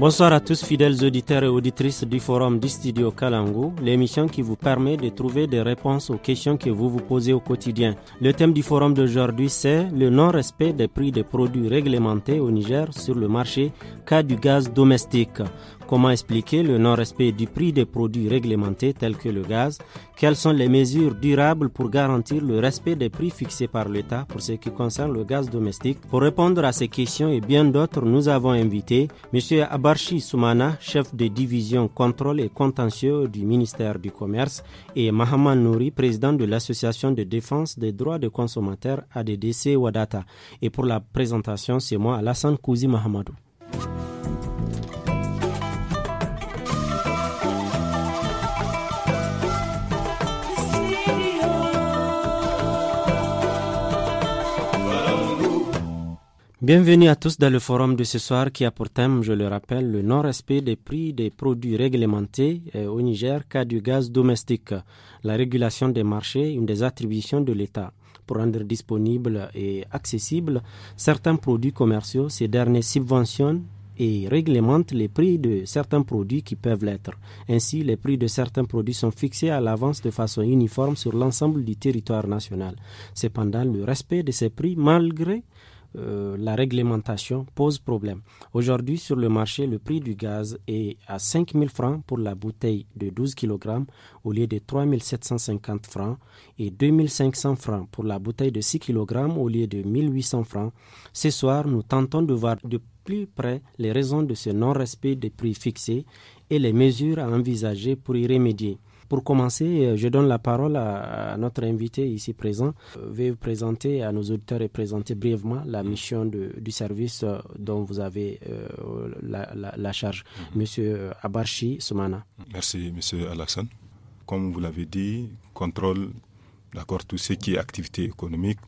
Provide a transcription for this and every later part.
Bonsoir à tous fidèles auditeurs et auditrices du forum du studio l'émission qui vous permet de trouver des réponses aux questions que vous vous posez au quotidien. Le thème du forum d'aujourd'hui c'est le non-respect des prix des produits réglementés au Niger sur le marché, cas du gaz domestique. Comment expliquer le non-respect du prix des produits réglementés tels que le gaz Quelles sont les mesures durables pour garantir le respect des prix fixés par l'État pour ce qui concerne le gaz domestique Pour répondre à ces questions et bien d'autres, nous avons invité M. Abarchi Soumana, chef de division contrôle et contentieux du ministère du Commerce, et Mahaman Nouri, président de l'Association de défense des droits des consommateurs ADDC Wadata. Et pour la présentation, c'est moi, Alassane Kouzi Mahamadou. Bienvenue à tous dans le forum de ce soir qui a pour thème, je le rappelle, le non-respect des prix des produits réglementés euh, au Niger, cas du gaz domestique, la régulation des marchés, une des attributions de l'État pour rendre disponibles et accessibles certains produits commerciaux. Ces derniers subventionnent et réglementent les prix de certains produits qui peuvent l'être. Ainsi, les prix de certains produits sont fixés à l'avance de façon uniforme sur l'ensemble du territoire national. Cependant, le respect de ces prix, malgré euh, la réglementation pose problème. Aujourd'hui, sur le marché, le prix du gaz est à 5 000 francs pour la bouteille de 12 kg au lieu de 3 750 francs et 2 500 francs pour la bouteille de 6 kg au lieu de 1 800 francs. Ce soir, nous tentons de voir de plus près les raisons de ce non-respect des prix fixés et les mesures à envisager pour y remédier. Pour commencer, euh, je donne la parole à, notre invité ici présent. Je euh, vais vous présenter à nos auditeurs et présenter brièvement la mission du service euh, dont vous avez la, charge. Mhm. Monsieur Abarchi Soumana. Merci, monsieur Alassane. Comme vous l'avez dit, contrôle, d'accord, tout ce qui est activité économique,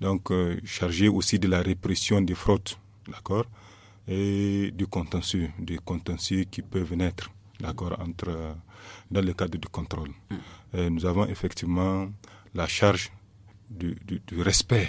donc chargé aussi de la répression des fraudes, d'accord, et du contentieux, des contentieux qui peuvent naître d'accord, entre, euh, dans le cadre du contrôle. Mm. nous avons effectivement la charge du, du, respect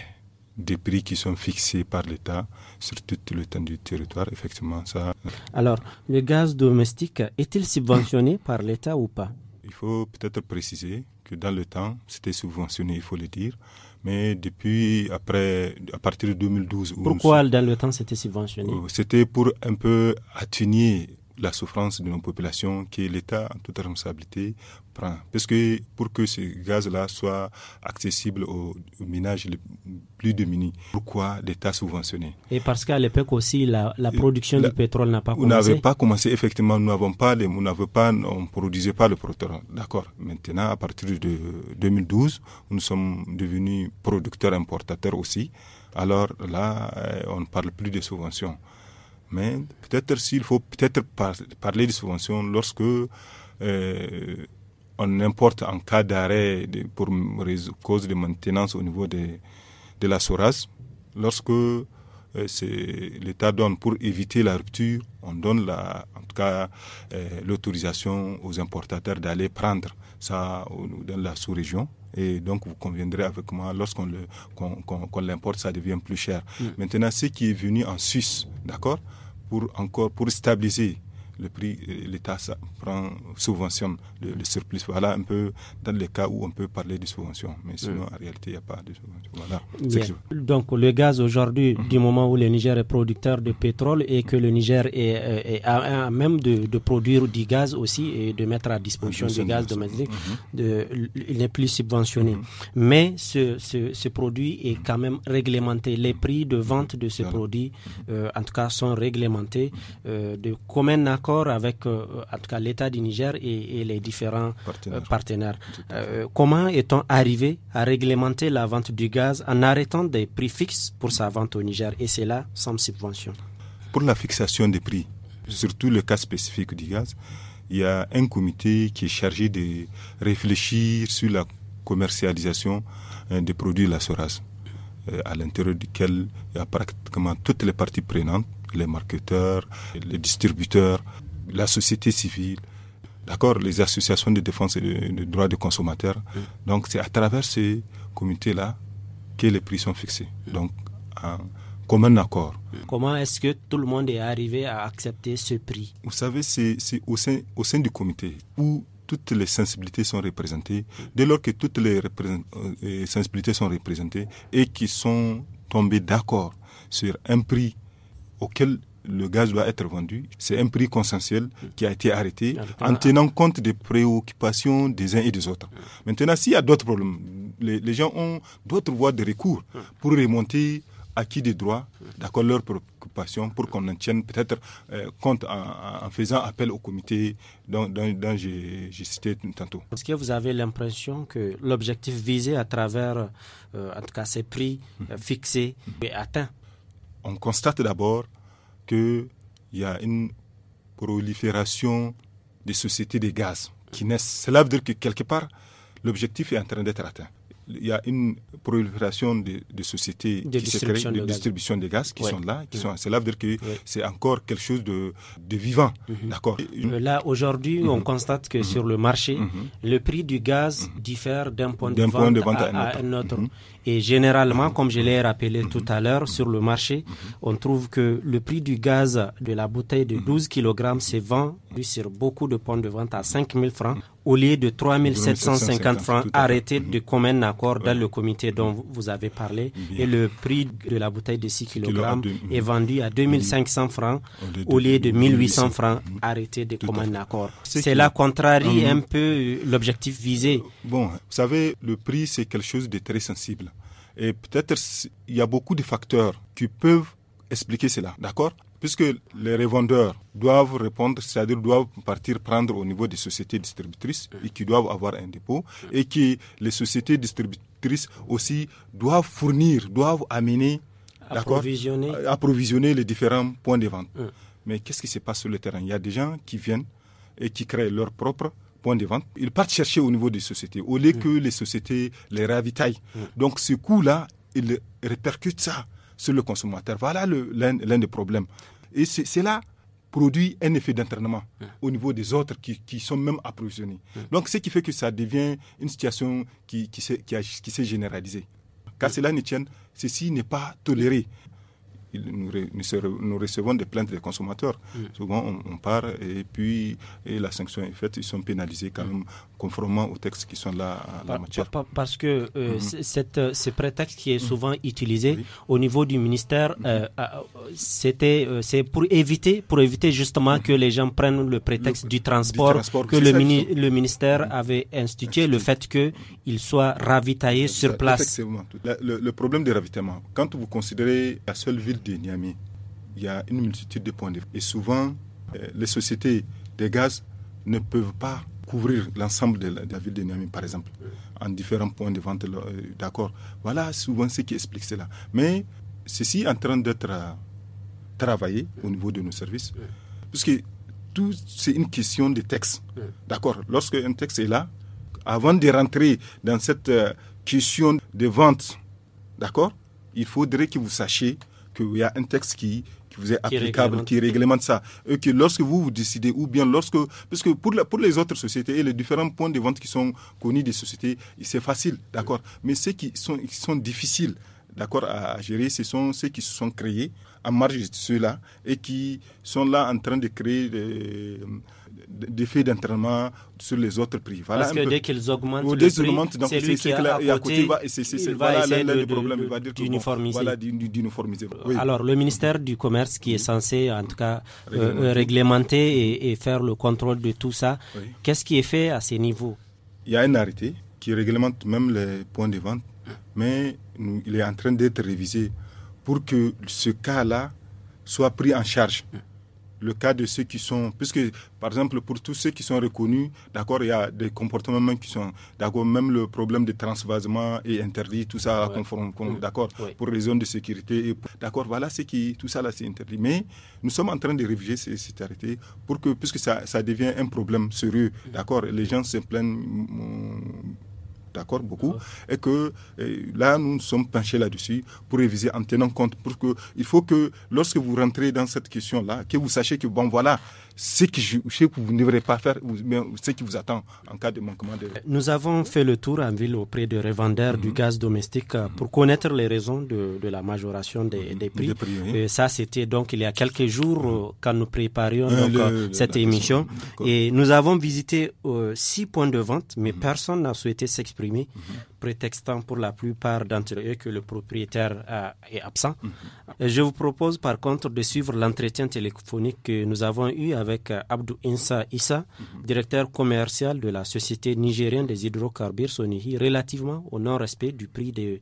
des prix qui sont fixés par l'État sur tout le temps du territoire, effectivement, ça. Alors, le gaz domestique est-il subventionné par l'État ou pas Il faut peut-être préciser que dans le temps, c'était subventionné, il faut le dire, mais depuis après, à partir de 2012. Pourquoi dans le temps c'était subventionné euh, C'était pour un peu atténuer la souffrance de nos populations que l'État, en toute responsabilité, prend. Parce que pour que ce gaz-là soit accessible aux, ménages les plus démunis, pourquoi l'État subventionné Et parce qu'à l'époque aussi, la, euh, production du pétrole n'a pas commencé. On n'avait pas commencé, effectivement, nous n'avons pas, les, on pas, on produisait pas le pétrole. D'accord. Maintenant, à partir de 2012, nous sommes devenus producteurs, importateurs aussi. Alors là, on ne parle plus de subventions. Mais peut-être s'il faut peut-être parler de subventions lorsque euh, on importe en cas d'arrêt pour cause de maintenance au niveau de, de la SORAS, lorsque euh, l'État donne pour éviter la rupture, on donne la, en tout cas euh, l'autorisation aux importateurs d'aller prendre ça dans la sous-région. Et donc, vous conviendrez avec moi, lorsqu'on l'importe, ça devient plus cher. Mm. Maintenant, ce qui est venu en Suisse, d'accord pour encore pour stabiliser le prix, euh, l'État prend, subventionne le, surplus. Voilà un peu dans les cas où on peut parler de subvention. Mais sinon, en réalité, il n'y a pas de subvention. Voilà. Donc, le gaz aujourd'hui, mhm. du moment où le Niger est producteur de pétrole et que le Niger est, euh, à, même de, produire du gaz aussi et de mettre à disposition du gaz domestique, mhm. de, il n'est plus subventionné. Mhm. Mais ce, ce, produit est quand même réglementé. Les prix de vente de ce produit, euh, en tout cas, sont réglementés de commun accord avec, euh, en tout cas, l'État du Niger et, les différents euh, partenaires. Euh, comment est-on arrivé à réglementer la vente du gaz en arrêtant des prix fixes pour sa vente au Niger et cela sans subvention Pour la fixation des prix, surtout le cas spécifique du gaz, il y a un comité qui est chargé de réfléchir sur la commercialisation des produits de la SORAS, à l'intérieur duquel il y a pratiquement toutes les parties prenantes, les marketeurs, les distributeurs, la société civile, d'accord, les associations de défense des de droits des consommateurs. Mm. Donc c'est à travers ces comités-là que les prix sont fixés. Mm. Donc en commun accord. Mm. Comment est-ce que tout le monde est arrivé à accepter ce prix Vous savez, c'est au sein, au sein du comité où toutes les sensibilités sont représentées. Dès lors que toutes les euh, sensibilités sont représentées et qui sont tombés d'accord sur un prix auquel le gaz doit être vendu. C'est un prix consensuel qui a été arrêté en tenant compte des préoccupations des uns et des autres. Mmh. Maintenant, s'il y a d'autres problèmes, les, gens ont d'autres voies de recours mmh. pour remonter à qui des droits, mmh. d'accord, leurs préoccupations, pour qu'on en tienne peut-être euh, compte en, faisant appel au comité dont, j'ai cité tantôt. Est-ce que vous avez l'impression que l'objectif visé à travers, euh, en tout cas, ces prix euh, fixés est atteint On constate d'abord qu'il y a une prolifération des sociétés de gaz qui naissent. Cela veut dire que quelque part, l'objectif est en train d'être atteint. Il y a une prolifération de, sociétés de qui créent, de, distribution de gaz qui sont là. Qui sont, cela veut dire que c'est encore quelque chose de, vivant. Mhm. D'accord. Euh, là, aujourd'hui, mhm. on constate que mhm. sur le marché, le prix du gaz diffère d'un point, de vente à un autre. Et généralement, comme je l'ai rappelé tout à l'heure, sur le marché, on trouve que le prix du gaz de la bouteille de 12 kg se vend sur beaucoup de points de vente à 5 000 francs au lieu de 3 750 francs arrêtés de mm-hmm. commun accord dans le comité dont vous avez parlé. Et le prix de la bouteille de 6 kg est mm-hmm. vendu à 2 500 francs au lieu de 1 800 francs mm-hmm. arrêtés de commun accord. Cela contrarie un peu euh, l'objectif visé. Bon, vous savez, le prix, c'est quelque chose de très sensible. Et peut-être il y a beaucoup de facteurs qui peuvent expliquer cela, d'accord Puisque les revendeurs doivent répondre, c'est-à-dire doivent partir prendre au niveau des sociétés distributrices et qui doivent avoir un dépôt et que les sociétés distributrices aussi doivent fournir, doivent amener, approvisionner. approvisionner les différents points de vente. Mm. Mais qu'est-ce qui se passe sur le terrain Il y a des gens qui viennent et qui créent leur propre point de vente, ils partent chercher au niveau des sociétés, au lieu mm. que les sociétés les ravitaillent. Mm. Donc ce coût-là, il répercute ça sur le consommateur. Voilà l'un des problèmes. Et cela produit un effet d'entraînement mm. au niveau des autres qui, qui sont même approvisionnés. Donc ce qui fait que ça devient une situation qui, qui s'est généralisée. Car cela ne ceci n'est pas toléré nous, nous, recevons des plaintes des consommateurs. Souvent, on, part et puis et la sanction est faite. Ils sont pénalisés quand même conformément aux textes qui sont là à la matière. parce que euh, mm-hmm. cette, euh, ce prétexte qui est mm-hmm. souvent utilisé au niveau du ministère, mm-hmm. euh, c'était c'est pour éviter, pour éviter justement que les gens prennent le prétexte du, transport que le, le ministère avait institué, le fait il soit ravitaillé sur place. Le, problème des ravitaillement quand vous considérez la seule ville de Niamey. Il y a une multitude de points de vente Et souvent, euh, les sociétés de gaz ne peuvent pas couvrir l'ensemble de, la ville de Niamey, par exemple, en différents points de vente. Euh, d'accord. Voilà souvent ce qui explique cela. Mais ceci est en train d'être euh, travaillé au niveau de nos services, puisque tout, c'est une question de texte. D'accord. Lorsque un texte est là, avant de rentrer dans cette question de vente, d'accord, il faudrait que vous sachiez qu'il y a un texte qui, vous est applicable, qui réglemente, ça. Et que lorsque vous vous décidez, ou bien lorsque, parce que pour, pour les autres sociétés et les différents points de vente qui sont connus des sociétés, c'est facile, d'accord. Mais ceux qui sont, qui sont difficiles, d'accord, à, gérer, ce sont ceux qui se sont créés à marge de ceux-là et qui sont là en train de créer d'effet d'entraînement sur les autres prix. Parce que dès qu'ils augmentent, prix, c'est lui qui a côté, va, il va dire d'uniformiser. voilà, Alors, le ministère du Commerce qui est censé, en tout cas, euh, réglementer, euh, et, faire le contrôle de tout ça, qu'est-ce qui est fait à ces niveaux Il y a un arrêté qui réglemente même les points de vente, mais il est en train d'être révisé pour que ce cas-là soit pris en charge le cas de ceux qui sont, puisque par exemple pour tous ceux qui sont reconnus, d'accord, il y a des comportements qui sont, d'accord, même le problème de transvasement est interdit, tout ça, conforme, mm. d'accord, pour les zones de sécurité, d'accord, voilà ce qui, tout ça là c'est interdit. Mais nous sommes en train de réviser ces arrêté pour que, puisque ça, devient un problème sérieux, d'accord, les gens se plaignent d'accord beaucoup, et que là, nous nous sommes penchés là-dessus pour réviser en tenant compte, pour que, il faut que lorsque vous rentrez dans cette question-là, que vous sachiez que, bon, voilà, ce que, je, sais que vous ne devrez pas faire, ce qui vous attend en cas de manquement de... Nous avons fait le tour en ville auprès de revendeurs du mhm. gaz domestique euh, pour connaître les raisons de, la majoration des, mhm. prix. Et ça, c'était donc il y a quelques jours mhm. euh, quand nous préparions euh, cette émission. Et nous avons visité six points de vente, mais personne n'a souhaité s'exprimer, prétextant pour la plupart d'entre eux que le propriétaire est absent. Je vous propose par contre de suivre l'entretien téléphonique que nous avons eu avec euh, Abdou Insa Issa, mhm. directeur commercial de la Société nigérienne des hydrocarbures Sonihi, relativement au non-respect du prix de,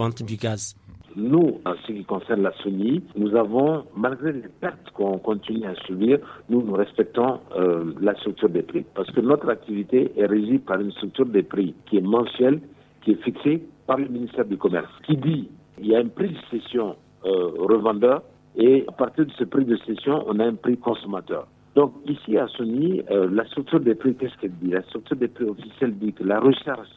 vente du gaz. Nous, en ce qui concerne la SONI, nous avons, malgré les pertes qu'on continue à subir, nous, nous respectons euh, la structure des prix. Parce que notre activité est régie par une structure des prix qui est mensuelle, qui est fixée par le ministère du Commerce, qui dit qu'il y a un prix de cession euh, revendeur et à partir de ce prix de cession, on a un prix consommateur. Donc ici à Sony, euh, la structure des prix, qu'est-ce qu'elle dit La structure des prix officielle dit que la recherche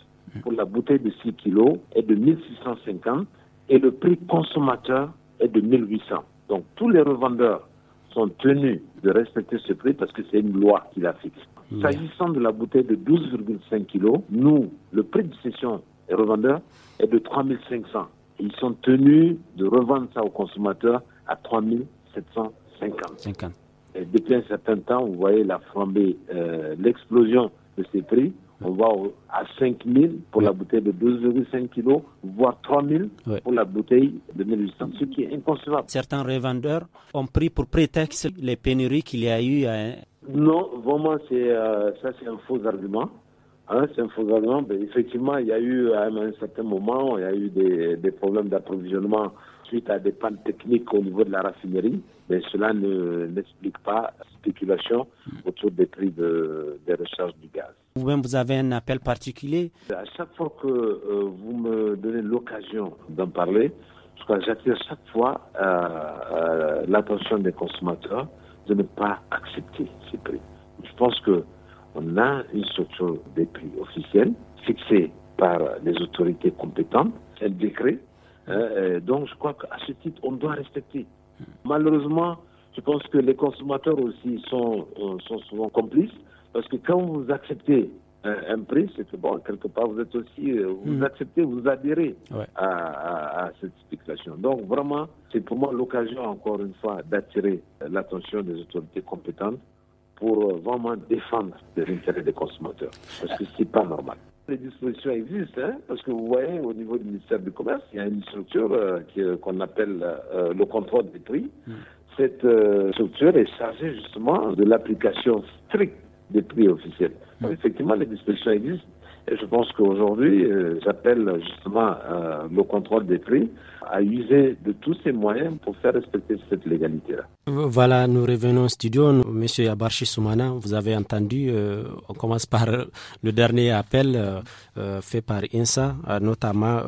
pour la bouteille de 6 kg est de 1650 et le prix consommateur est de 1800. Donc tous les revendeurs sont tenus de respecter ce prix parce que c'est une loi qui la fixe. Mmh. S'agissant de la bouteille de 12,5 kg, nous, le prix de cession des revendeurs est de 3500. Ils sont tenus de revendre ça au consommateur à 3750 depuis un certain temps, vous voyez la flambée, euh, l'explosion de ces prix. On va à 5 000 pour la bouteille de 12,5 kg, voire 3 000 pour la bouteille de 1800, ce qui est inconcevable. Certains revendeurs ont pris pour prétexte les pénuries qu'il y a eu. À... Hein. Non, vraiment, c'est euh, ça c'est un faux argument. Hein, c'est un faux argument. Mais effectivement, il y a eu à un certain moment, il y a eu des, des problèmes d'approvisionnement suite à des pannes techniques au niveau de la raffinerie, mais cela ne, n'explique pas spéculation autour des prix de, des recharges du gaz. Vous-même, vous avez un appel particulier À chaque fois que euh, vous me donnez l'occasion d'en parler, j'attire chaque fois euh, euh, l'attention des consommateurs de ne pas accepter ces prix. Je pense qu'on a une structure des prix officielle fixée par les autorités compétentes, un décret euh, euh, donc je crois qu'à ce titre, on doit respecter. Malheureusement, je pense que les consommateurs aussi sont, euh, sont souvent complices, parce que quand vous acceptez un, prix, c'est que, bon, quelque part, vous êtes aussi, vous hmm. acceptez, vous adhérez à, cette spéculation. Donc, vraiment, c'est pour moi l'occasion, encore une fois, d'attirer l'attention des autorités compétentes pour vraiment défendre les intérêts des consommateurs, parce que ce n'est pas normal les dispositions existent, hein, parce que vous voyez, au niveau du ministère du Commerce, il y a une structure euh, qu'on appelle euh, euh, le contrôle des prix. Mm. Cette structure est chargée justement de l'application stricte des prix officiels. Mm. effectivement, les dispositions existent je pense qu'aujourd'hui, euh, j'appelle justement euh, le contrôle des prix à user de tous ses moyens pour faire respecter cette légalité-là. Voilà, nous revenons au studio. Monsieur Abarchi Soumana, vous avez entendu, euh, on commence par le dernier appel fait par INSA, notamment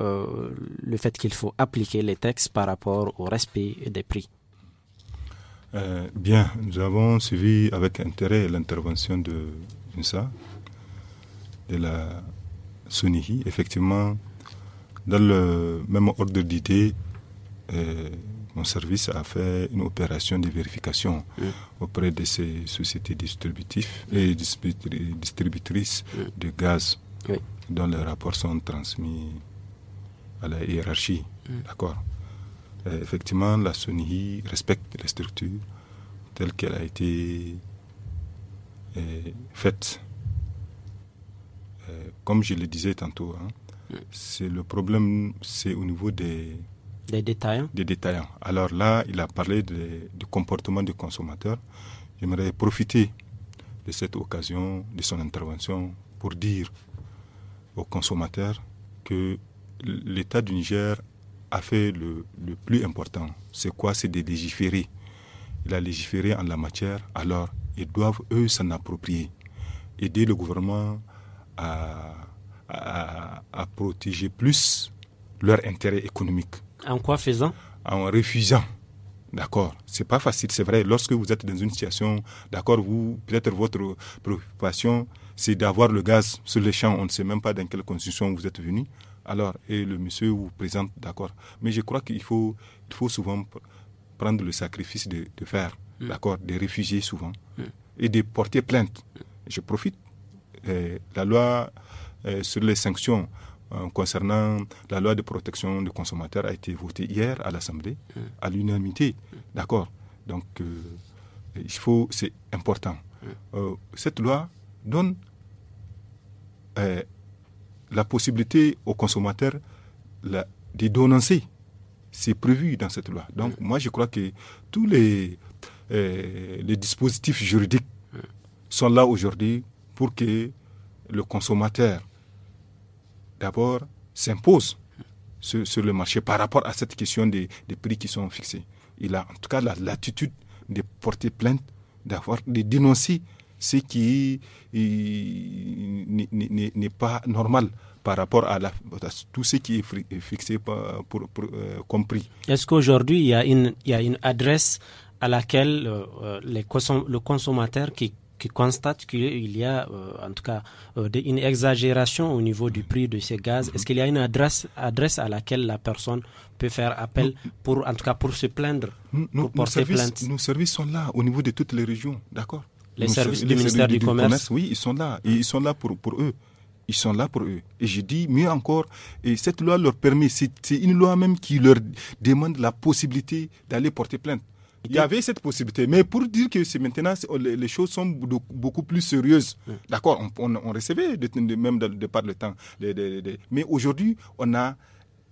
le fait qu'il faut appliquer les textes par rapport au respect des prix. bien, nous avons suivi avec intérêt l'intervention de INSA de la Sonihi, effectivement, dans le même ordre d'idée, euh, mon service a fait une opération de vérification auprès de ces sociétés distributives et distributrices de gaz dont les rapports sont transmis à la hiérarchie. D'accord. Euh, effectivement, la SONIHI respecte les structure telle qu'elle a été euh, faite euh, comme je le disais tantôt, hein, c'est le problème, c'est au niveau des, des détaillants. Des détaillants. Alors là, il a parlé de, du comportement du consommateur. J'aimerais profiter de cette occasion, de son intervention, pour dire aux consommateurs que l'État du Niger a fait le, le plus important. C'est quoi C'est de légiférer. Il a légiféré en la matière, alors ils doivent, eux, s'en approprier. Aider le gouvernement à, à, protéger plus leur intérêt économique. En quoi faisant En refusant. D'accord, c'est pas facile, c'est vrai. Lorsque vous êtes dans une situation, d'accord, vous peut-être votre préoccupation, c'est d'avoir le gaz sur les champs. On ne sait même pas dans quelle constitution vous êtes venu. Alors, et le monsieur vous présente, d'accord. Mais je crois qu'il faut, il faut souvent prendre le sacrifice de, faire, mm. d'accord, des réfugiés souvent, mm. et de porter plainte. Je profite euh, la loi euh, sur les sanctions euh, concernant la loi de protection des consommateurs a été votée hier à l'Assemblée mm. à l'unanimité. Mm. D'accord Donc, il faut, c'est important. Mm. cette loi donne la possibilité aux consommateurs de dénoncer. C'est prévu dans cette loi. Donc, moi, je crois que tous les, les dispositifs juridiques sont là aujourd'hui pour que le consommateur, d'abord, s'impose sur, le marché par rapport à cette question des, prix qui sont fixés. Il a en tout cas la latitude de porter plainte, d'avoir, de dénoncer ce qui euh, n'est pas normal par rapport à, tout ce qui est fixé pour, euh, compris. Est-ce qu'aujourd'hui, il, il, y a une adresse à laquelle euh, les le consommateur qui qui constate qu'il y a, euh, en tout cas, euh, une exagération au niveau du prix de ces gaz. Est-ce qu'il y a une adresse, adresse à laquelle la personne peut faire appel pour, en tout cas, pour se plaindre, pour porter plainte Nos services sont là au niveau de toutes les régions, d'accord les services du ministère du, commerce. Oui, ils sont là. Et ils sont là pour, pour eux ils sont là pour eux. Et je dis mieux encore, et cette loi leur permet, c'est une loi même qui leur demande la possibilité d'aller porter plainte. Il y avait cette possibilité. Mais pour dire que c'est maintenant, les choses sont beaucoup plus sérieuses. D'accord, on, recevait même de, par le temps. mais aujourd'hui, on a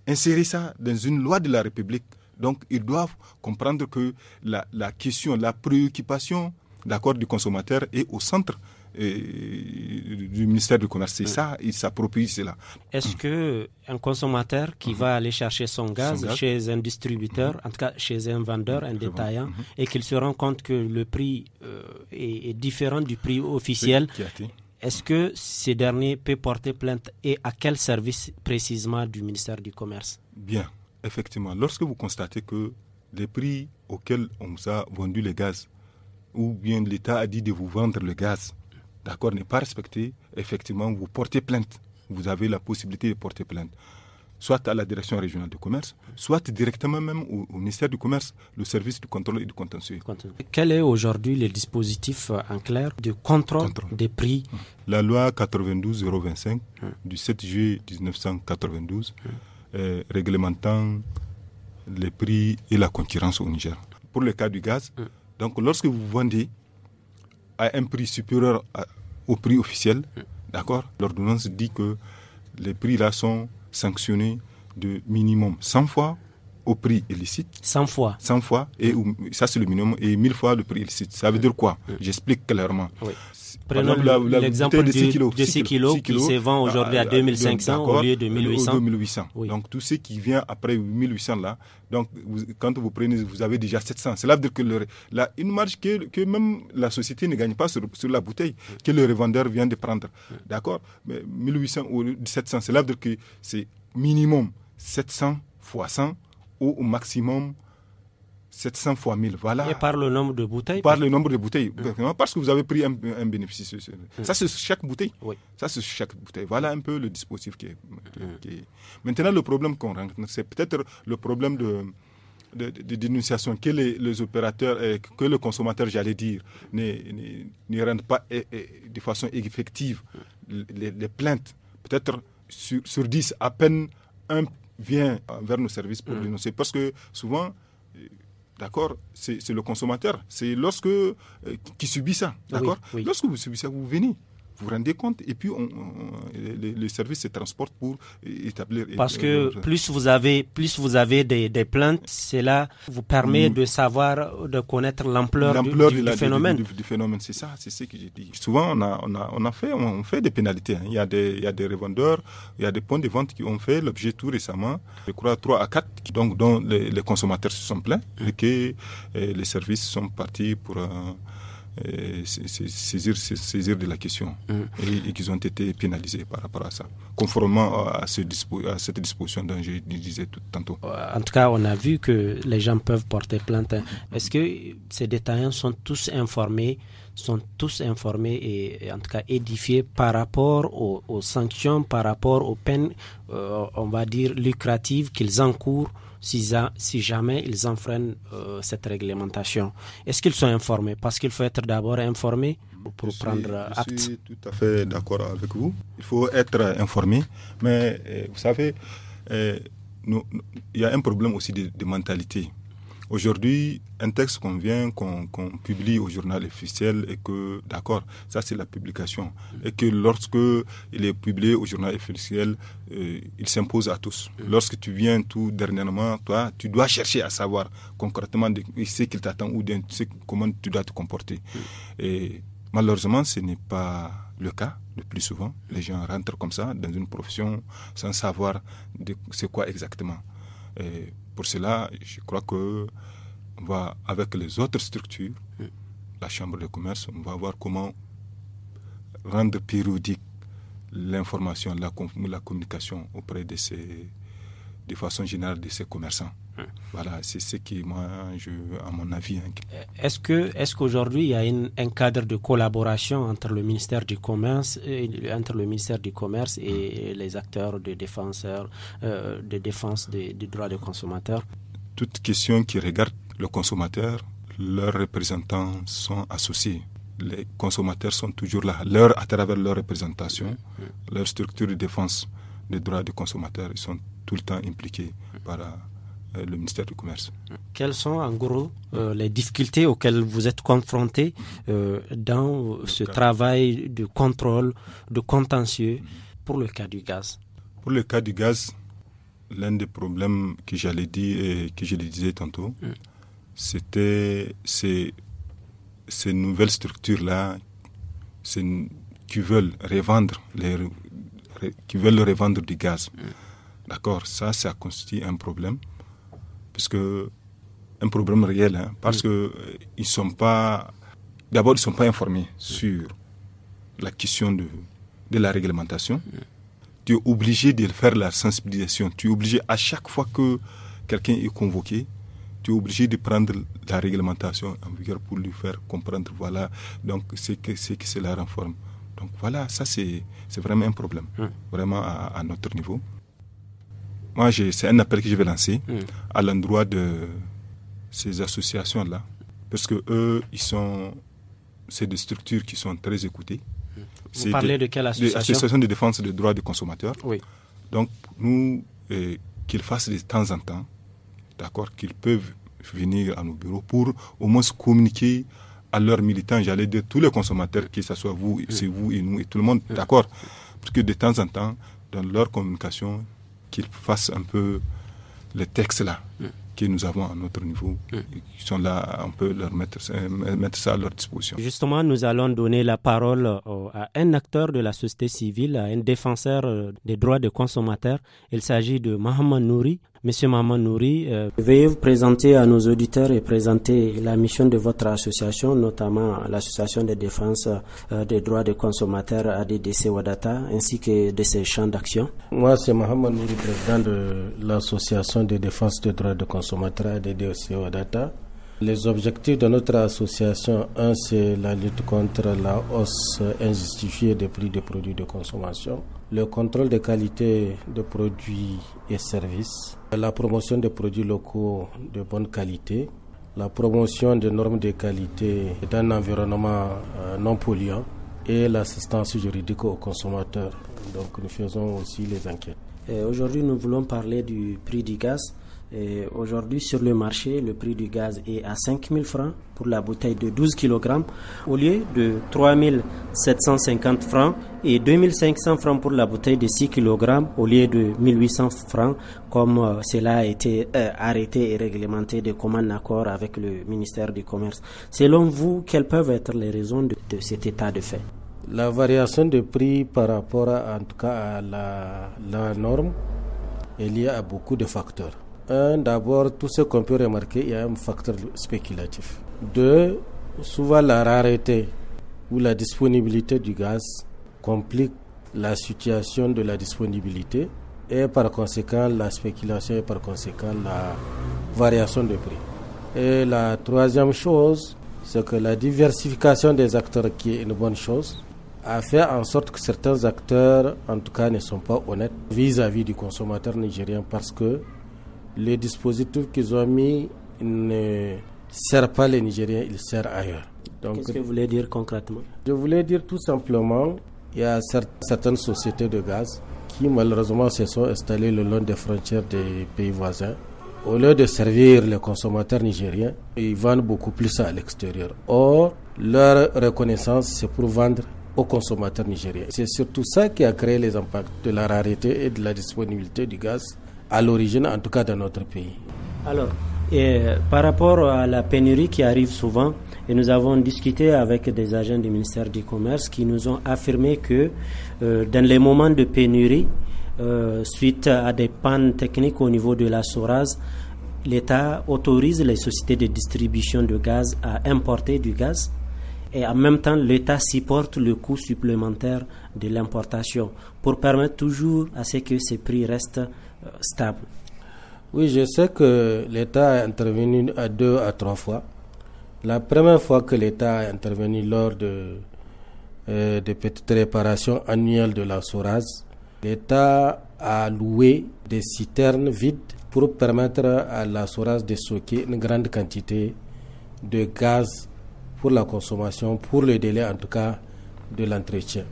inséré ça dans une loi de la République. Donc, ils doivent comprendre que la, la question, la préoccupation, d'accord, du consommateur est au centre du ministère du Commerce. C'est ça, il s'approprie cela. Est-ce que un consommateur qui mhm. va aller chercher son gaz, chez un distributeur, mhm. en tout cas chez un vendeur, un mhm. détaillant, et qu'il se rend compte que le prix euh, est, est, différent du prix officiel, est-ce que ces derniers peut porter plainte et à quel service précisément du ministère du Commerce Bien, effectivement. Lorsque vous constatez que les prix auxquels on vous a vendu le gaz, ou bien l'État a dit de vous vendre le gaz, d'accord, n'est pas respecté, effectivement, vous portez plainte. Vous avez la possibilité de porter plainte. Soit à la direction régionale du commerce, soit directement même au, ministère du commerce, le service du contrôle et du contentieux. Quel est aujourd'hui le dispositif euh, en clair de contrôle, des prix hum. La loi 92-025 hum. du 7 juillet 1992 hum. euh, réglementant les prix et la concurrence au Niger. Pour le cas du gaz, donc lorsque vous vendez à un prix supérieur au prix officiel, d'accord L'ordonnance dit que les prix là sont sanctionnés de minimum 100 fois au prix illicite. 100 fois. 100 fois, et ça c'est le minimum, et 1000 fois le prix illicite. Ça veut dire quoi J'explique clairement. Prenons l'exemple de 6 kilos, 6 kilos, qui se vend aujourd'hui ah, à, 2500 ah, au lieu de 1800. Donc tout ce qui vient après 1800 là, donc quand vous prenez, vous avez déjà 700. Cela veut dire que le, là, une marge que, même la société ne gagne pas sur, la bouteille que le revendeur vient de prendre. D'accord Mais 1800 ou 700, cela veut dire que c'est minimum 700 fois 100 au maximum 700 fois 1000. Voilà. Et par le nombre de bouteilles Par le nombre de bouteilles, hein. parce que vous avez pris un, bénéfice. Hein. Ça, c'est chaque bouteille. Oui. Ça, c'est chaque bouteille. Voilà un peu le dispositif qui est. Hein. Maintenant, le problème qu'on rencontre, c'est peut-être le problème de dénonciation que les, les, opérateurs, que le consommateur, j'allais dire, ne, rendent pas et, eh, eh, de façon effective les, plaintes. Peut-être sur, sur 10, à peine un vient vers nos services pour mm. dénoncer. Parce que souvent, euh, D'accord C'est le consommateur. C'est lorsque. Euh, qui subit ça. Ah d'accord Lorsque vous subissez, ça, vous venez. Vous vous rendez compte Et puis, on, les, services se transporte pour établir. Parce que plus vous avez, plus vous avez des, plaintes, cela vous permet mm. de savoir, de connaître l'ampleur du, phénomène. Du, du phénomène, c'est ça, c'est ce que j'ai dit. Souvent, on a, fait, on fait des pénalités. Hein. Il y, a des, des revendeurs, il y a des points de vente qui ont fait l'objet tout récemment, je crois 3 à 4, donc, dont les, consommateurs se sont plaints mm. et que les services sont partis pour. Euh, euh, saisir, saisir de la question mmh. et, qu'ils ont été pénalisés par rapport à ça, conformément à, à cette disposition dont je disais tout tantôt. Euh, en tout cas, on a vu que les gens peuvent porter plainte. Mmh. Est-ce que ces détaillants sont tous informés sont tous informés et, en tout cas édifiés par rapport aux, sanctions, par rapport aux peines, euh, on va dire, lucratives qu'ils encourent si, jamais ils enfreignent euh, cette réglementation Est-ce qu'ils sont informés Parce qu'il faut être d'abord informé pour prendre acte. Je suis tout à fait d'accord avec vous. Il faut être informé. Mais euh, vous savez, euh, il y a un problème aussi de mentalité. Aujourd'hui, un texte qu'on vient, qu'on publie au journal officiel et que, d'accord, ça c'est la publication. Mm. Et que lorsque il est publié au journal officiel, euh, il s'impose à tous. Mm. Lorsque tu viens tout dernièrement, toi, tu dois chercher à savoir concrètement de, ce qu'il t'attend ou comment tu dois te comporter. Mm. Et malheureusement, ce n'est pas le cas le plus souvent. Les gens rentrent comme ça dans une profession sans savoir c'est quoi exactement pour cela, je crois que va, avec les autres structures, la Chambre de commerce, on va voir comment rendre périodique l'information, la, la communication auprès de ces, de façon générale, de ces commerçants. Voilà, c'est ce qui, moi, je, à mon avis. Hein, est-ce que, est-ce qu'aujourd'hui il y a un cadre de collaboration entre le ministère du commerce, euh, entre le ministère du commerce et hmm. les acteurs de défenseurs, euh, de défense des, droits des consommateurs Toute question qui regarde le consommateur, leurs représentants sont associés les consommateurs sont toujours là, à travers leur représentation, hmm. leur structure de défense des droits des consommateurs, ils sont tout le temps impliqués hmm. par euh, euh, le ministère du Commerce. Quelles sont en gros euh, les difficultés auxquelles vous êtes confronté euh, dans ce travail de contrôle, de contentieux pour le cas du gaz Pour le cas du gaz, l'un des problèmes que j'allais dire et que je le disais tantôt, mm. c'était ces, nouvelles structures-là qui veulent revendre qui veulent revendre du gaz. Mm. D'accord, ça, ça constitue un problème parce que un problème réel, hein, parce mm. que ils sont pas, d'abord ils sont pas informés mm. sur la question de, de la réglementation. Mm. Tu es obligé de faire la sensibilisation. Tu es obligé à chaque fois que quelqu'un est convoqué, tu es obligé de prendre la réglementation en vigueur pour lui faire comprendre, voilà, donc c'est que c'est que cela Donc voilà, ça c'est, c'est vraiment un problème, vraiment à notre niveau moi, c'est un appel que je vais lancer hmm. à l'endroit de ces associations-là. Parce que eux, ils sont. C'est des structures qui sont très écoutées. Hmm. Vous parlez de, quelle association L'association de défense des droits des consommateurs. Oui. Donc, nous, eh, qu'ils fassent de temps en temps, d'accord, qu'ils peuvent venir à nos bureaux pour au moins communiquer à leurs militants, j'allais dire tous les consommateurs, que ce soit vous, hmm. c'est vous et nous et tout le monde, d'accord Parce que de temps en temps, dans leur communication, qu'ils fassent un peu les textes là mm. que nous avons à notre niveau, mm. qui sont là, on peut leur mettre, mettre ça à leur disposition. Justement, nous allons donner la parole euh, à un acteur de la société civile, à un défenseur euh, des droits des consommateurs. Il s'agit de Mohamed Nouri. Monsieur Maman Nouri, veuillez vous présenter à nos auditeurs et présenter la mission de votre association, notamment l'association de défense euh, des droits des consommateurs ADDC Wadata, ainsi que de ses champs d'action. Moi, c'est Mohamed Nouri, président de l'association de défense des droits des consommateurs ADDC Wadata. Les objectifs de notre association, un, c'est la lutte contre la hausse injustifiée des prix des produits de consommation, le contrôle de qualité de produits et services, la promotion des produits locaux de bonne qualité, la promotion des normes de qualité d'un environnement euh, non polluant et l'assistance juridique aux consommateurs. Donc nous faisons aussi les enquêtes. Euh, aujourd'hui, nous voulons parler du prix du gaz Aujourd'hui, sur le marché, le prix du gaz est à 5 000 francs pour la bouteille de 12 kg, au lieu de 3 750 francs et 2 500 francs pour la bouteille de 6 kg, au lieu de 1 800 francs, comme euh, cela a été euh, arrêté et réglementé de commun accord avec le ministère du Commerce. Selon vous, quelles peuvent être les raisons de, cet état de fait La variation de prix par rapport à, en tout cas à la norme est liée à beaucoup de facteurs un, d'abord, tout ce qu'on peut remarquer, il y a un facteur spéculatif. Deux, souvent la rareté ou la disponibilité du gaz complique la situation de la disponibilité et par conséquent la spéculation et par conséquent la variation de prix. Et la troisième chose, c'est que la diversification des acteurs, qui est une bonne chose, a fait en sorte que certains acteurs, en tout cas, ne sont pas honnêtes vis-à-vis -vis du consommateur nigérien parce que les dispositifs qu'ils ont mis ne servent pas les Nigériens, ils servent ailleurs. Qu'est-ce que vous voulez dire concrètement Je voulais dire tout simplement, il y a certaines sociétés de gaz qui malheureusement se sont installées le long des frontières des pays voisins. Au lieu de servir les consommateurs nigériens, ils vendent beaucoup plus à l'extérieur. Or, leur reconnaissance, c'est pour vendre aux consommateurs nigériens. C'est surtout ça qui a créé les impacts de la rareté et de la disponibilité du gaz à l'origine, en tout cas dans notre pays. Alors, par rapport à la pénurie qui arrive souvent, et nous avons discuté avec des agents du ministère du Commerce qui nous ont affirmé que euh, dans les moments de pénurie, euh, suite à des pannes techniques au niveau de la SORAS, l'État autorise les sociétés de distribution de gaz à importer du gaz et en même temps l'État supporte le coût supplémentaire de l'importation pour permettre toujours à ce que ces prix restent euh, stable. Oui, je sais que l'État a intervenu à deux à trois fois. La première fois que l'État a intervenu lors de, euh, de petites réparations annuelles de la SORAS, l'État a loué des citernes vides pour permettre à la SORAS de stocker une grande quantité de gaz pour la consommation, pour le délai en tout cas de l'entretien.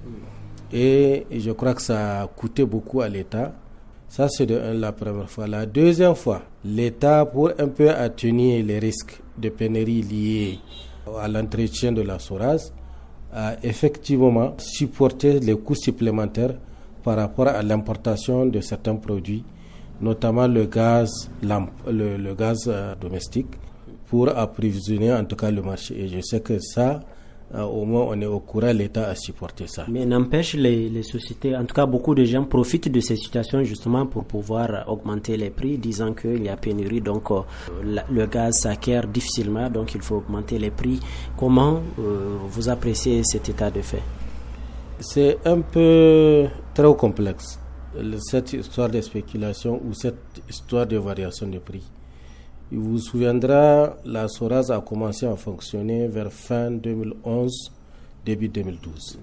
Et je crois que ça a coûté beaucoup à l'État. Ça, c'est la première fois. La deuxième fois, l'État, pour un peu atténuer les risques de pénurie liés à l'entretien de la SORAS, a effectivement supporté les coûts supplémentaires par rapport à l'importation de certains produits, notamment le gaz, le gaz euh, domestique, pour approvisionner en tout cas le marché. Et je sais que ça, euh, au moins on est au courant, l'État a supporter ça. Mais n'empêche, les, les, sociétés, en tout cas beaucoup de gens profitent de ces situations justement pour pouvoir augmenter les prix, disant qu'il y a pénurie, donc euh, le gaz s'acquiert difficilement, donc il faut augmenter les prix. Comment euh, vous appréciez cet état de fait C'est un peu trop complexe, cette histoire de spéculation ou cette histoire de variation de prix. Il vous souviendra, la SORAS a commencé à fonctionner vers fin 2011, début 2012.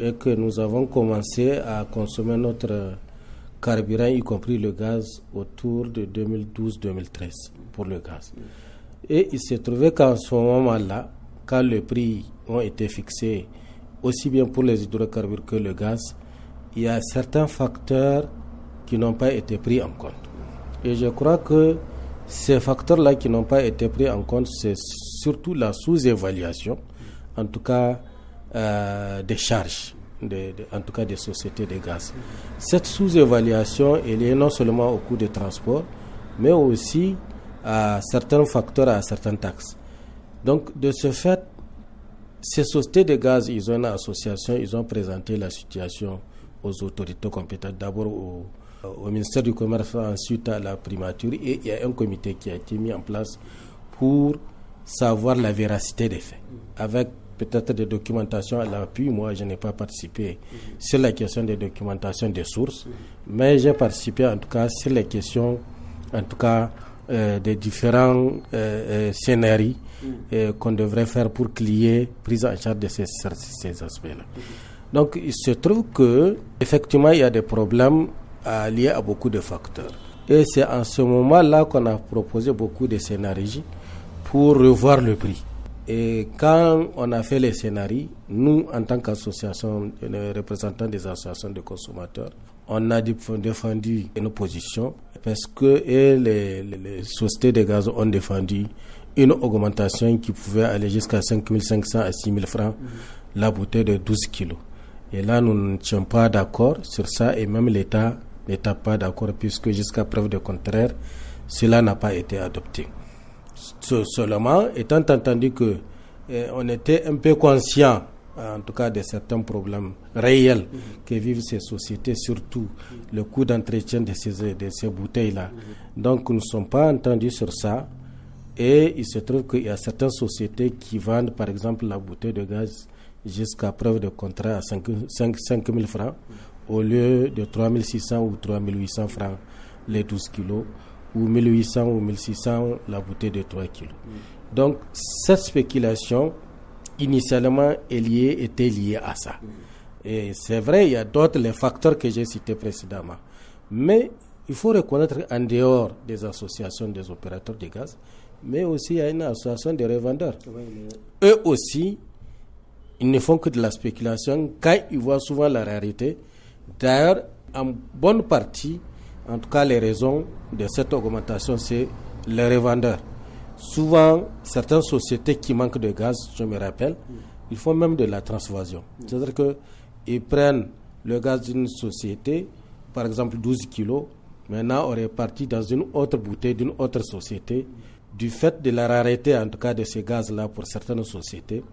Et que nous avons commencé à consommer notre carburant, y compris le gaz, autour de 2012-2013 pour le gaz. Et il s'est trouvé qu'en ce moment-là, quand les prix ont été fixés, aussi bien pour les hydrocarbures que le gaz, il y a certains facteurs qui n'ont pas été pris en compte. Et je crois que ces facteurs-là qui n'ont pas été pris en compte, c'est surtout la sous-évaluation, en tout cas euh, des charges. en tout cas des sociétés de gaz. Cette sous-évaluation est liée non seulement au coût de transport, mais aussi à certains facteurs, à certaines taxes. Donc, de ce fait, ces sociétés de gaz, ils ont une association, ils ont présenté la situation aux autorités compétentes, d'abord au, euh, au ministère du Commerce ensuite à la primature et il y a un comité qui a été mis en place pour savoir la véracité des faits. Avec peut-être des documentations à l'appui, moi je n'ai pas participé sur la question des documentations des sources, mais j'ai participé en tout cas sur les questions, en tout cas euh, des différents euh, scénarios qu'on devrait faire pour clier prise en charge de ces, aspects-là. Donc il se trouve que effectivement il y a des problèmes à lié à beaucoup de facteurs. Et c'est en ce moment-là qu'on a proposé beaucoup de scénarios pour revoir le prix. Et quand on a fait les scénarios, nous, en tant qu'association, représentants des associations de consommateurs, on a défendu nos positions parce que les, sociétés de gaz ont défendu une augmentation qui pouvait aller jusqu'à 5 500 à 6 000 francs la bouteille de 12 kilos. Et là, nous ne sommes pas d'accord sur ça et même l'État n'étaient pas d'accord, puisque jusqu'à preuve de contraire, cela n'a pas été adopté. Seulement, étant entendu que eh, on était un peu conscient, en tout cas, de certains problèmes réels mm-hmm. que vivent ces sociétés, surtout mm-hmm. le coût d'entretien de ces, de ces bouteilles-là. Mm-hmm. Donc, nous ne sommes pas entendus sur ça. Et il se trouve qu'il y a certaines sociétés qui vendent, par exemple, la bouteille de gaz jusqu'à preuve de contraire à 5, 5 000 francs au lieu de 3600 ou 3800 francs les 12 kilos, ou 1800 ou 1600 la bouteille de 3 kilos. Mm. Donc cette spéculation, initialement, est liée, était liée à ça. Mm. Et c'est vrai, il y a d'autres les facteurs que j'ai cités précédemment. Mais il faut reconnaître en dehors des associations des opérateurs de gaz, mais aussi il y a une association des revendeurs. Eux aussi, ils ne font que de la spéculation quand ils voient souvent la rarité D'ailleurs, en bonne partie, en tout cas les raisons de cette augmentation, c'est les revendeurs. Souvent, certaines sociétés qui manquent de gaz, je me rappelle, ils font même de la transvasion. C'est-à-dire qu'ils prennent le gaz d'une société, par exemple 12 kilos, maintenant on parti dans une autre bouteille d'une autre société. Du fait de la rareté, en tout cas, de ces gaz-là pour certaines sociétés,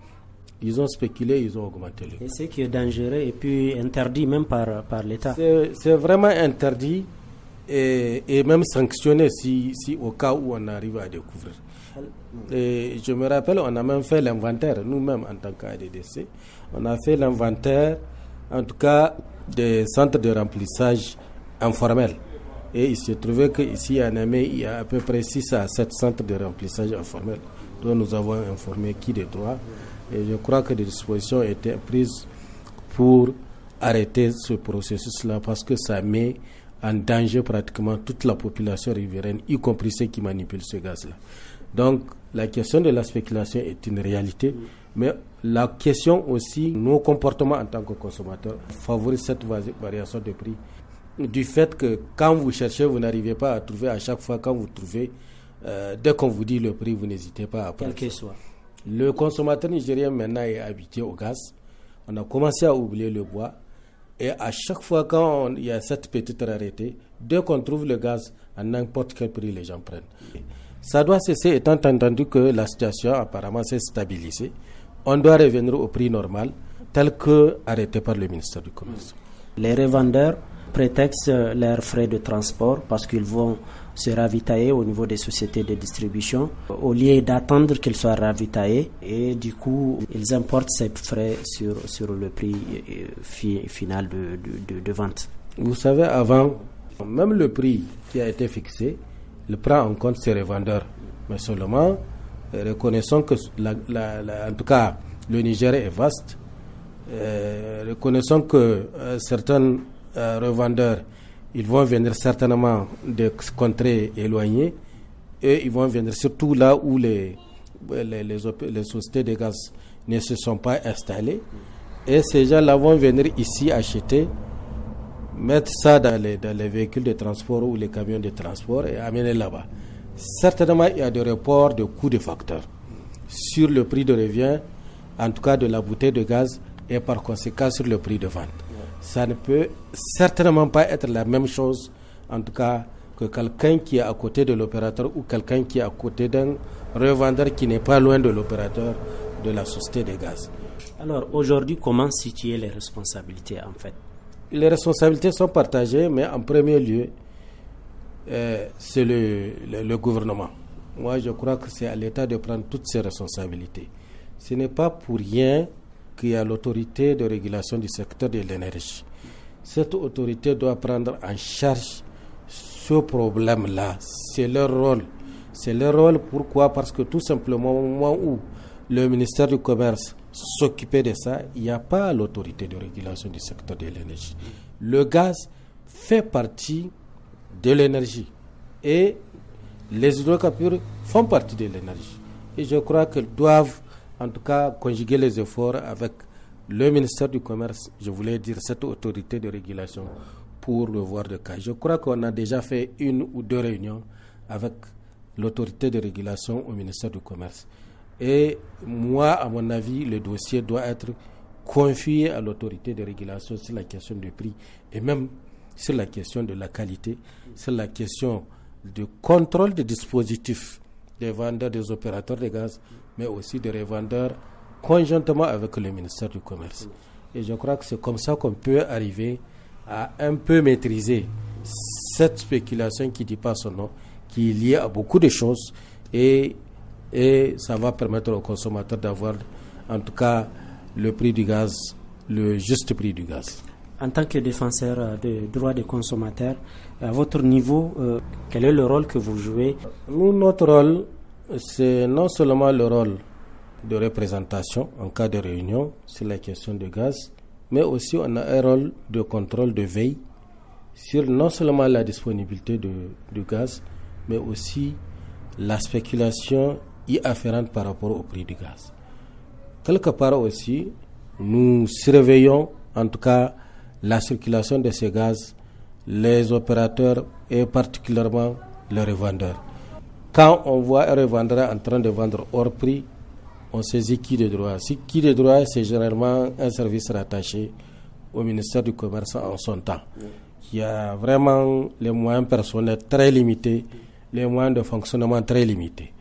ils ont spéculé, ils ont augmenté le prix. Et ce qui est dangereux et puis interdit même par, par l'État. C'est vraiment interdit et, et même sanctionné si, si, au cas où on arrive à découvrir. Et je me rappelle, on a même fait l'inventaire, nous-mêmes en tant qu'ADDC. On a fait l'inventaire, en tout cas, des centres de remplissage informels. Et il se trouvait qu'ici à Namé, il y a à peu près 6 à 7 centres de remplissage informels dont nous avons informé qui des droits et je crois que des dispositions étaient prises pour arrêter ce processus-là parce que ça met en danger pratiquement toute la population riveraine, y compris ceux qui manipulent ce gaz-là. Donc la question de la spéculation est une réalité, mais la question aussi, nos comportements en tant que consommateurs favorisent cette variation de prix du fait que quand vous cherchez, vous n'arrivez pas à trouver à chaque fois, quand vous trouvez, euh, dès qu'on vous dit le prix, vous n'hésitez pas à prendre. Quel que soit. Le consommateur nigérien maintenant est habitué au gaz. On a commencé à oublier le bois. Et à chaque fois qu'il y a cette petite rareté, dès qu'on trouve le gaz, à n'importe quel prix, les gens prennent. Ça doit cesser étant entendu que la situation apparemment s'est stabilisée. On doit revenir au prix normal tel que arrêté par le ministère du Commerce. Les revendeurs prétextent leurs frais de transport parce qu'ils vont se ravitailler au niveau des sociétés de distribution euh, au lieu d'attendre qu'ils soient ravitaillés et du coup ils importent ces frais sur, sur le prix euh, final de, vente. Vous savez, avant, même le prix qui a été fixé, le prend en compte ses revendeurs. Mais seulement, euh, reconnaissons que, en tout cas, le Niger est vaste. reconnaissant reconnaissons que certaines certains revendeurs ils vont venir certainement de contrées éloignées et ils vont venir surtout là où les, les, sociétés de gaz ne se sont pas installées. Et ces gens-là vont venir ici acheter, mettre ça dans les, dans les véhicules de transport ou les camions de transport et amener là-bas. Certainement, il y a des reports de coûts de facteurs sur le prix de revient, en tout cas de la bouteille de gaz et par conséquent sur le prix de vente ça ne peut certainement pas être la même chose, en tout cas, que quelqu'un qui est à côté de l'opérateur ou quelqu'un qui est à côté d'un revendeur qui n'est pas loin de l'opérateur de la société des gaz. Alors aujourd'hui, comment situer les responsabilités en fait Les responsabilités sont partagées, mais en premier lieu, euh, c'est le, le gouvernement. Moi, je crois que c'est à l'État de prendre toutes ses responsabilités. Ce n'est pas pour rien qui a l'autorité de régulation du secteur de l'énergie. Cette autorité doit prendre en charge ce problème-là. C'est leur rôle. C'est leur rôle pourquoi Parce que tout simplement au moment où le ministère du Commerce s'occupait de ça, il n'y a pas l'autorité de régulation du secteur de l'énergie. Le gaz fait partie de l'énergie et les hydrocarbures font partie de l'énergie. Et je crois qu'elles doivent en tout cas conjuguer les efforts avec le ministère du Commerce, je voulais dire cette autorité de régulation pour le voir de cas. Je crois qu'on a déjà fait une ou deux réunions avec l'autorité de régulation au ministère du Commerce. Et moi, à mon avis, le dossier doit être confié à l'autorité de régulation sur la question du prix et même sur la question de la qualité, sur la question du contrôle des dispositifs des vendeurs, des opérateurs de gaz, mais aussi des revendeurs conjointement avec le ministère du Commerce. Et je crois que c'est comme ça qu'on peut arriver à un peu maîtriser cette spéculation qui dit pas son nom, qui est liée à beaucoup de choses et, et ça va permettre aux consommateurs d'avoir en tout cas le prix du gaz, le juste prix du gaz. En tant que défenseur euh, des droits des consommateurs, à votre niveau, euh, quel est le rôle que vous jouez Nous, notre rôle, c'est non seulement le rôle de représentation en cas de réunion sur la question du gaz, mais aussi on a un rôle de contrôle, de veille sur non seulement la disponibilité du gaz, mais aussi la spéculation y afférente par rapport au prix du gaz. Quelque part aussi, nous surveillons en tout cas la circulation de ces gaz, les opérateurs et particulièrement les revendeurs. Quand on voit un revendeur en train de vendre hors prix, on saisit qui de droit. Si qui de droit, c'est généralement un service rattaché au ministère du Commerce en son temps, Il y a vraiment les moyens personnels très limités, les moyens de fonctionnement très limités.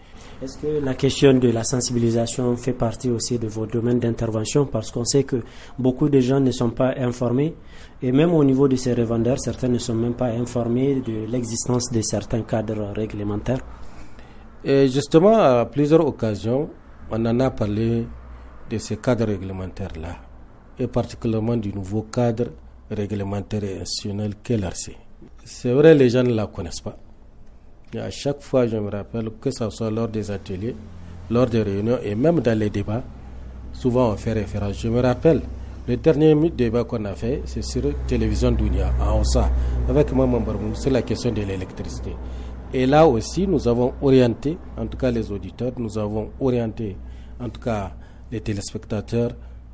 Est-ce que la question de la sensibilisation fait partie aussi de vos domaines d'intervention Parce qu'on sait que beaucoup de gens ne sont pas informés et même au niveau de ces revendeurs, certains ne sont même pas informés de l'existence de certains cadres réglementaires. Et justement, à plusieurs occasions, on en a parlé de ce cadre réglementaires-là, et particulièrement du nouveau cadre réglementaire et institutionnel qu'est l'ARC. C'est vrai, les gens ne la connaissent pas. Et à chaque fois, je me rappelle, que ce soit lors des ateliers, lors des réunions et même dans les débats, souvent on fait référence. Je me rappelle, le dernier débat qu'on a fait, c'est sur Télévision Dunia, à Ossa, avec Maman Barboum, c'est la question de l'électricité. Et là aussi, nous avons orienté, en tout cas les auditeurs, nous avons orienté, en tout cas les téléspectateurs,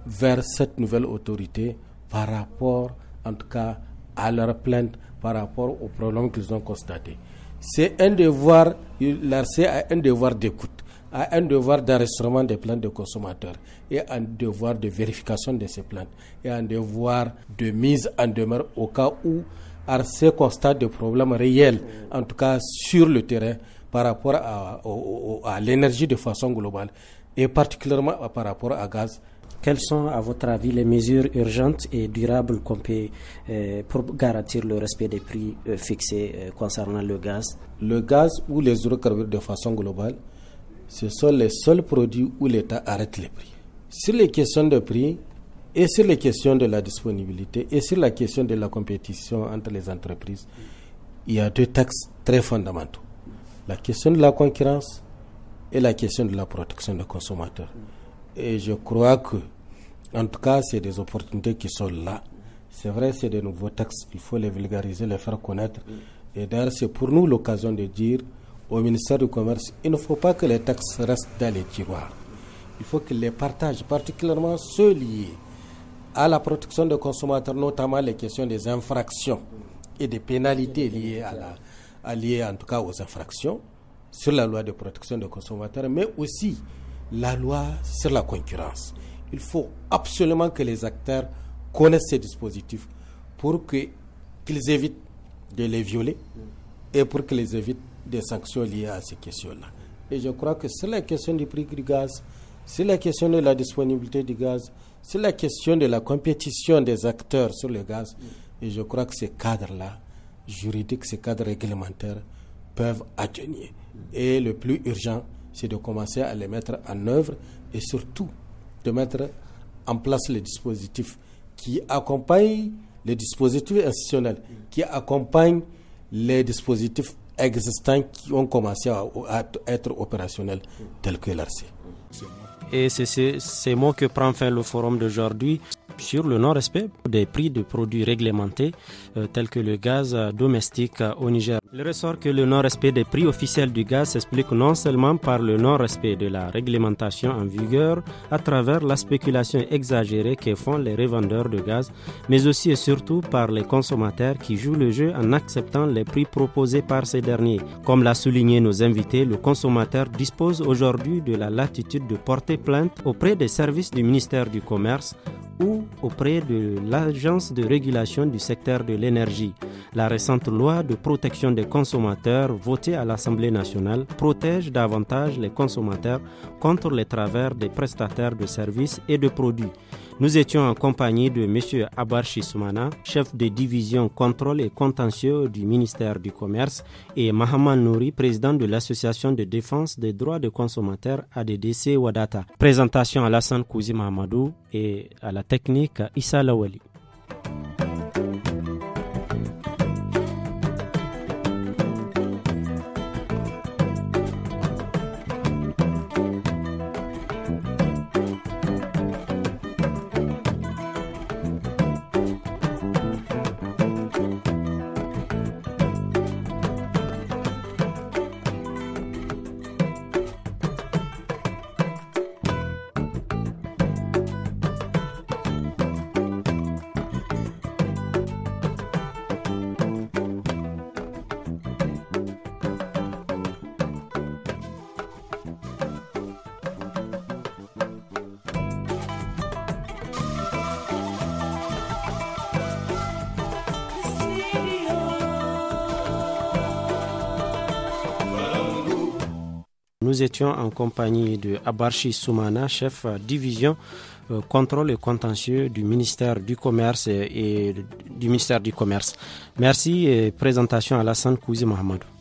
vers cette nouvelle autorité par rapport, en tout cas, à leurs plaintes, par rapport aux problèmes qu'ils ont constatés. C'est un devoir, l'ARC a un devoir d'écoute, a un devoir d'enregistrement des plaintes de consommateurs et un devoir de vérification de ces plaintes et un devoir de mise en demeure au cas où à ce constat de problèmes réels, en tout cas sur le terrain, par rapport à, l'énergie de façon globale, et particulièrement par rapport à gaz. Quelles sont, à votre avis, les mesures urgentes et durables qu'on peut euh, pour garantir le respect des prix euh, fixés euh, concernant le gaz Le gaz ou les hydrocarbures de façon globale, ce sont les seuls produits où l'État arrête les prix. Sur les questions de prix, et sur les questions de la disponibilité et sur la question de la compétition entre les entreprises, il y a deux taxes très fondamentaux. La question de la concurrence et la question de la protection des consommateurs. Et je crois que, en tout cas, c'est des opportunités qui sont là. C'est vrai, c'est des nouveaux taxes, il faut les vulgariser, les faire connaître. Et d'ailleurs, c'est pour nous l'occasion de dire au ministère du Commerce, il ne faut pas que les taxes restent dans les tiroirs. Il faut qu'ils les partagent, particulièrement ceux liés à la protection des consommateurs, notamment les questions des infractions et des pénalités liées à liées en tout cas aux infractions sur la loi de protection des consommateurs, mais aussi la loi sur la concurrence. Il faut absolument que les acteurs connaissent ces dispositifs pour qu'ils évitent de les violer et pour qu'ils évitent des sanctions liées à ces questions-là. Et je crois que sur la question du prix du gaz, sur la question de la disponibilité du gaz, c'est la question de la compétition des acteurs sur le gaz, et je crois que ces cadres-là, juridiques, ces cadres réglementaires, peuvent atteindre. Et le plus urgent, c'est de commencer à les mettre en œuvre et surtout de mettre en place les dispositifs qui accompagnent les dispositifs institutionnels, qui accompagnent les dispositifs existants qui ont commencé à être opérationnels, tels que l'ARC. Et c'est ces mots que prend fin le forum d'aujourd'hui sur le non-respect des prix de produits réglementés euh, tels que le gaz domestique au Niger. Le ressort que le non-respect des prix officiels du gaz s'explique non seulement par le non-respect de la réglementation en vigueur à travers la spéculation exagérée que font les revendeurs de gaz, mais aussi et surtout par les consommateurs qui jouent le jeu en acceptant les prix proposés par ces derniers. Comme l'a souligné nos invités, le consommateur dispose aujourd'hui de la latitude de porter plainte auprès des services du ministère du Commerce ou auprès de l'Agence de régulation du secteur de l'énergie. La récente loi de protection des consommateurs votée à l'Assemblée nationale protège davantage les consommateurs contre les travers des prestataires de services et de produits. Nous étions en compagnie de M. Abarchi Soumana, chef de division contrôle et contentieux du ministère du Commerce, et Mahaman Nouri, président de l'Association de défense des droits des consommateurs ADDC Wadata. Présentation à Alassane Kouzi Mahamadou et à la technique Issa Lawali. Nous étions en compagnie de Abarchi Soumana, chef division euh, contrôle et contentieux du ministère du Commerce et, du ministère du Commerce. Merci et présentation à la Kouzi Mohamedou.